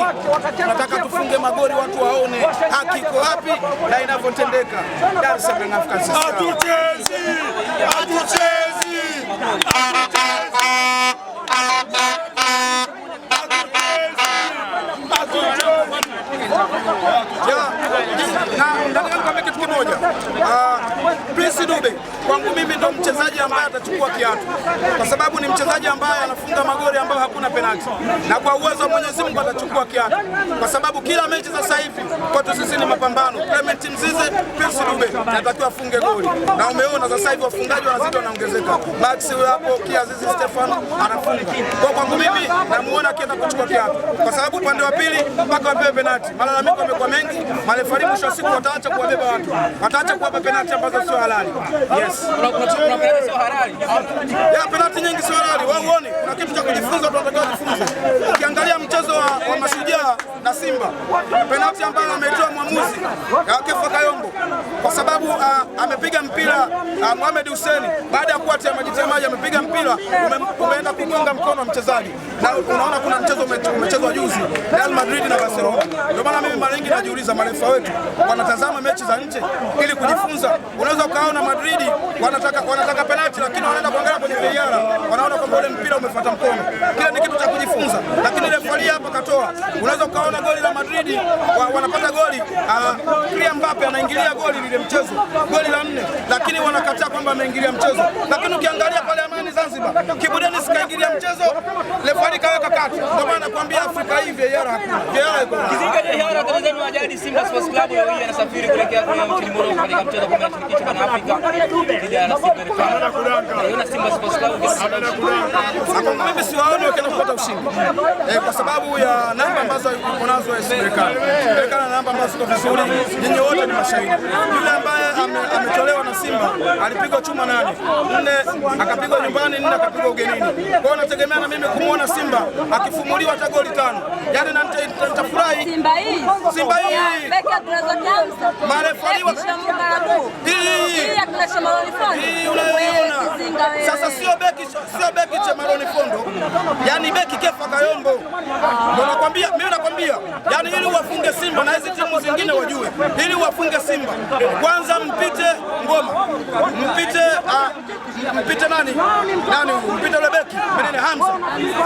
haki. Nataka tufunge magori watu waone haki iko wapi na inavyotendeka. Dar es Salaam Africa. Hatuchezi! Hatuchezi! nataka nikwambie kitu kimoja, ah, Prince Dube kwangu mimi ndo mchezaji ambaye atachukua kiatu, kwa sababu ni mchezaji ambaye anafunga magoli ambayo hakuna penalti, na kwa uwezo wa Mwenyezi Mungu atachukua kiatu, kwa sababu kila mechi sasa hivi kwetu sisi ni mapambano. Clement Mzize, Prince Dube natakiwa afunge goli, na umeona sasa hivi wafungaji wanazidi wanaongezeka, Max huyo hapo, Kiazizi Stefano anafunga kwa. Kwangu mimi namuona akienda kuchukua kiatu, kwa sababu upande wa pili mpaka wapewe penalti mara malalamiko yamekuwa mengi. Marefari mwisho wa siku wataacha kuwabeba watu, wataacha kuwapa penalti ambazo sio halali. Yes, penalti nyingi sio halali. Wao uone kuna kitu cha kujifunza, tunatakiwa kujifunza. Ukiangalia mchezo wa, wa Mashujaa na Simba, penalti ambayo ametoa mwamuzi ya Kefa Kayombo kwa sababu sababu uh, amepiga mpira uh, Mohamed Hussein baada ya kuwa tiamaji amepiga mpira umeenda kugonga mkono mchezaji, na unaona kuna mchezo umechezwa juzi Real Madrid na Barcelona. Ndio maana mimi mara nyingi najiuliza marefa wetu wanatazama mechi za nje ili kujifunza. Unaweza ukaona Madrid wanataka wanataka penalti, lakini wanaenda kuangalia kwenye VAR, wanaona kwamba ule mpira umefuata mkono. Kile ni kitu cha kujifunza, lakini refa hapa katoa. Unaweza ukaona goli la Madrid ameingilia goli lile mchezo, goli la nne, lakini wanakataa kwamba ameingilia mchezo, lakini ukiangalia Zanzibar. Kibudeni sikaingilia mchezo, lefari kaweka kati. Ndio maana nakwambia Afrika hii vyera hakuna. iko. Kizinga je, ni Simba Sports Club leo hii anasafiri kuelekea Morocco mchezo kwa Afrika. Simba Sports Club. Mimi siwaoni wakienda ushindi. Eh, kwa sababu ya namba ambazo yuko nazo eh, serikali. Serikali na namba ambazo ziko vizuri. Nyinyi wote ni mashahidi. Yule ambaye ametolewa na Simba, alipigwa chuma nane nne, akapigwa nyumbani nne, akapigwa ugenini. kwao nategemea na mimi kumwona Simba akifumuliwa hata goli tano, yani na nitafurahi. Simba hii Simba hii marefaliwa sasa sio beki sio beki cha maroni fondo, yani beki Kefa Kayombo. Ndio nakwambia mimi nakwambia, yani ili uwafunge Simba na hizi timu zingine wajue, ili uwafunge Simba kwanza mpite Ngoma, mpite ah, mpite nani nani, mpite ule beki Hamza,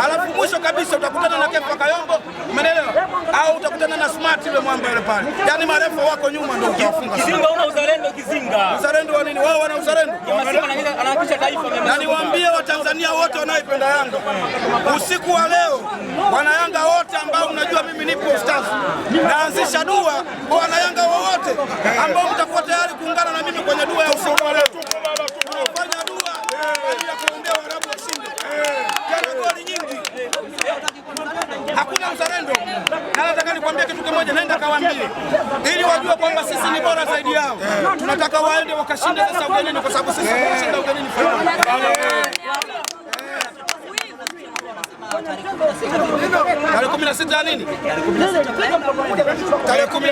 alafu mwisho kabisa utakutana na Kefa Kayombo au utakutana na smart yule mwamba yule pale, yaani marefu wako nyuma, ndio utawafunga. Kizinga una uzalendo, kizinga uzalendo wa nini? Wao wana uzalendo, anawakilisha taifa. Na niwaambie Watanzania wote wanaoipenda Yanga usiku wa leo, wana Yanga wote ambao mnajua mimi nipo ustafu, naanzisha dua kwa wana Yanga wowote ambao mtakuwa tayari kuungana na mimi kwenye dua ya usiku wa leo. hakuna uzalendo. Na nataka nikwambie kitu kimoja, nenda kawaambie, ili wajue kwamba sisi ni bora zaidi yao. Tunataka waende wakashinde sasa ugenini, kwa sababu sisi tunashinda ugenini. 16 nini? Tarehe 15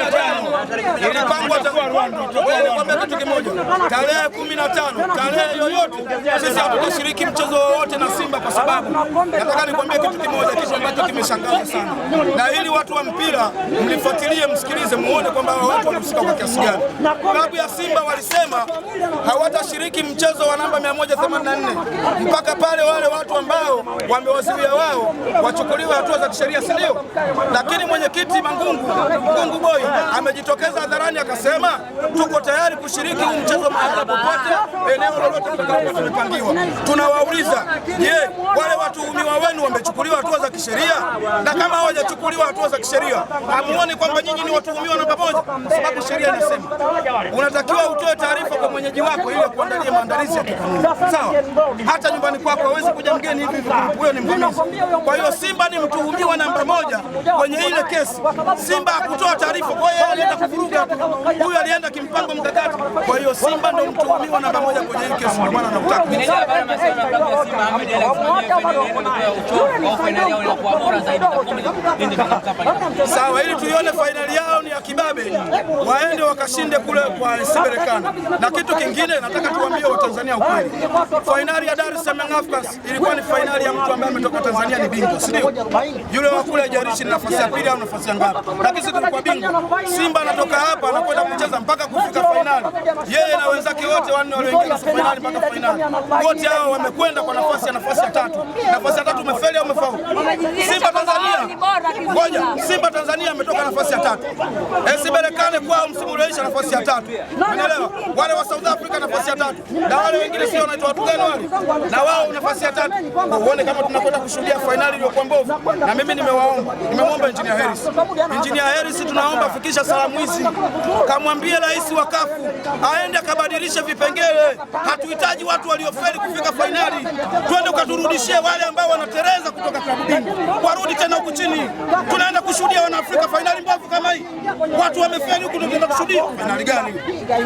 ilipangwa tano tarehe kumi kitu kimoja, tarehe tano tarehe yoyote sisi hatutashiriki mchezo wowote na Simba, kwa sababu nataka nikwambie kitu kimoja, kitu ambacho kimeshangaza sana, na ili watu wa mpira mlifuatilie, msikilize, muone kwamba watu wanahusika kwa kiasi gani. Klabu ya Simba walisema hawatashiriki mchezo wa namba 184 mpaka pale wale watu ambao wamewazuia wao wachukuliwe hatua za kisheria ndio. Lakini mwenyekiti Mangungu Mangungu Boy amejitokeza hadharani akasema tuko tayari kushiriki huu mchezo mahala popote, eneo lolote tutakapo tumepangiwa. Tunawauliza, je, wale watuhumiwa wenu wamechukuliwa hatua za kisheria? Na kama hawajachukuliwa hatua za kisheria, hamuoni kwamba nyinyi ni watuhumiwa namba moja? Sababu sheria inasema unatakiwa utoe taarifa kwa mwenyeji wako ili kuandalia maandalizi ya kikanuni, sawa? Hata nyumbani kwako hawezi kuja mgeni hivi hivi, huyo ni mvamizi. Kwa hiyo Simba ni mtuhumiwa namba mara moja kwenye ile kesi. Simba hakutoa taarifa, kwa hiyo alienda kuvuruga, huyu alienda kimpango mkakati. Kwa hiyo Simba ndio mtuhumiwa namba moja kwenye hii kesi, ndio maana anamtaka sawa, ili tuione fainali yao ni kibabe waende wakashinde kule kwa Siberekana. Na kitu kingine nataka tuambie Watanzania ukweli, fainali ya Dar es Salaam Africans ilikuwa ni fainali ya mtu ambaye ametoka Tanzania ni bingwa, si ndio? Yule wa kule jarishi ni nafasi ya pili au nafasi ya ngapi, lakini sisi tulikuwa bingwa. Simba anatoka hapa anakwenda kucheza mpaka kufika fainali, yeye na wenzake wote wanne walioingia fainali mpaka fainali, wote hao wamekwenda kwa nafasi ya nafasi ya tatu. Nafasi ya tatu umefeli au umefaulu? Simba Ngoja, Simba Tanzania ametoka nafasi ya tatu, isiberekane eh, kwao msimu ulioisha nafasi ya tatu, unaelewa? Wale wa South Africa nafasi ya tatu, na wale wengine sio wanaitwa watu gani wale, na wao nafasi ya tatu. Uone kama tunakwenda kushuhudia fainali iliyokuwa mbovu. Na mimi nimewaomba, nimemwomba Engineer Harris, Engineer Harris, tunaomba fikisha salamu hizi, kamwambie rais wa kafu aende akabadilishe vipengele. Hatuhitaji watu waliofeli kufika fainali, twende ukaturudishie wale ambao wanatereza kutoka klabu bingwa, warudi tena huku chini tunaenda kushuhudia wanaafrika fainali mbovu kama hii. Watu wamefeli huku, tunaenda kushuhudia fainali gani?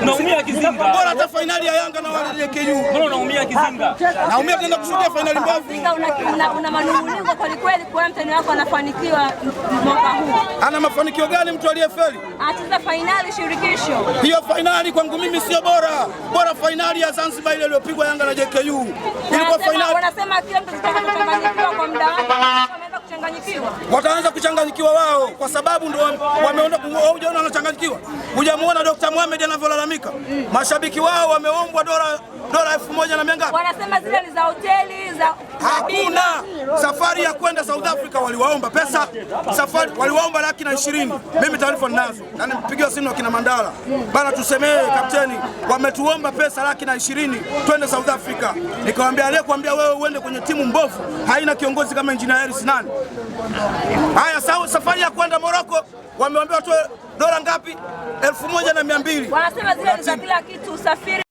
Unaumia kizinga, bora hata fainali ya Yanga na wale KU. Mbona unaumia kizinga? Naumia tunaenda kushuhudia fainali mbovu. Una manunguniko kweli kweli, kwa mtani wako anafanikiwa mwaka huu. Ana mafanikio gani mtu aliyefeli? Acheza fainali shirikisho. Hiyo fainali kwangu mimi sio bora, bora fainali ya Zanzibar ile iliyopigwa Yanga na JKU ilikuwa fainali. Wanasema kila mtu kwa muda wake wataanza kuchanganyikiwa wao, kwa sababu ndio wameona. Hujaona wanachanganyikiwa, hujamuona Dr. Mohamed anavyolalamika. Mm. Mashabiki wao wameombwa dola dola elfu moja na mia ngapi, wanasema zile ni za hoteli za hakuna. Safari ya kwenda South Africa waliwaomba pesa, safari waliwaomba laki na ishirini. Mimi taarifa ninazo na nimpigiwa simu na kina Mandala bana, tusemee kapteni, wametuomba pesa laki na ishirini twende South Africa. Nikamwambia aliyekuambia wewe uende kwenye timu mbovu haina kiongozi kama Injinia Harris nani? Haya, sawa, safari ya kwenda Moroko wameambiwa tu dola ngapi? elfu moja na mia mbili. Wanasema zile ni za kila kitu usafiri